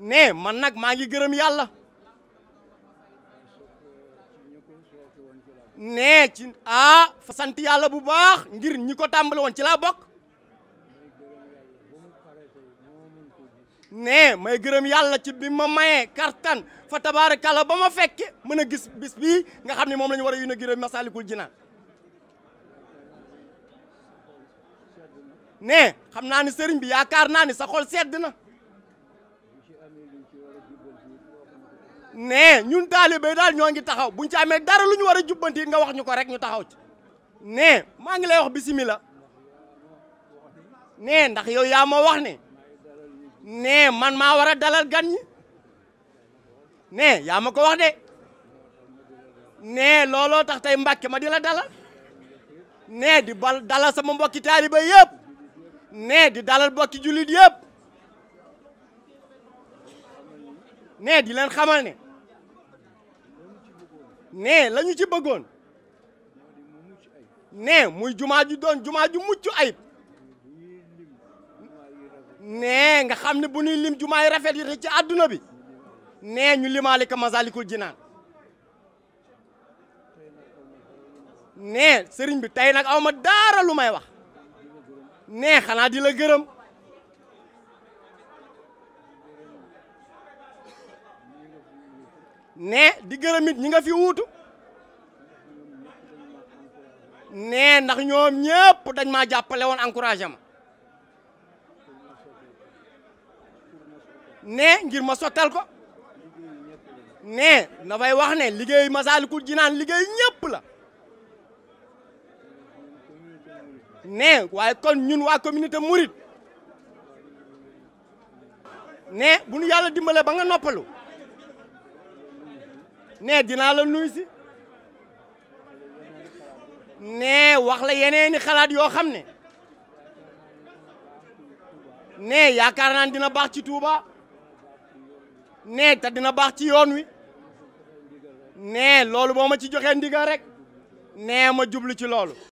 mais man nag maa ngi gërëm yàlla ne ci ah fa sant yàlla bu baax ngir ñi ko tàmbali woon ci laa bokk ne may gërëm yàlla ci bi ma mayee kartan fa tabaarakalla ba ma fekke mën a gis bis bii nga xam ne moom la ñu war a yun a gërëm Masaalikul Jinaan ne xam naa ni sëriñ bi yaakaar naa ni sa xol sedd na ne ñun taalibe daal ñoo ngi taxaw buñ ci amee dara lu ñu war a jubbanti nga wax ñu ko rek ñu taxaw ci ne maa ngi lay wax bisimilah ne ndax yow yaa ma wax ne man maa war a dalal gan ñi ne yaa ma ko wax de ne looloo tax tey Mbàkke ma di la dalal ne di bal dalal sama mbokki taalibe yëpp ne di dalal mbokki jullit yëpp ne di leen xamal ne ne la ñu ci bëggoon ne muy jumaa ju doon jumaa ju mucc ayib ne nga xam ne bu ñuy lim jumaa yi rafet yi ci àdduna bi nee ñu limaale ko Masalikul Jinaan ne sëriñ bi tay nag awma daara lu may wax ne xanaa di la gërëm ne di gërëmit ñi nga fi wuutu ne ndax ñoom ñëpp dañ maa jàppale woon encouragé ma ne ngir ma sottal ko ne dafay wax ne liggéey Masaalikul Jinaan liggéey ñëpp la ne waaye kon ñun waa communauté Mouride ne bu ñu yàlla dimbale ba nga noppalu nee dinaa la nuyu si nee wax la yeneeni xalaat yoo xam ne nee yaakaar naan dina baax ci Touba nee te dina baax ci yoon wi nee loolu boo ma ci joxee ndigal rek nee ma jublu ci loolu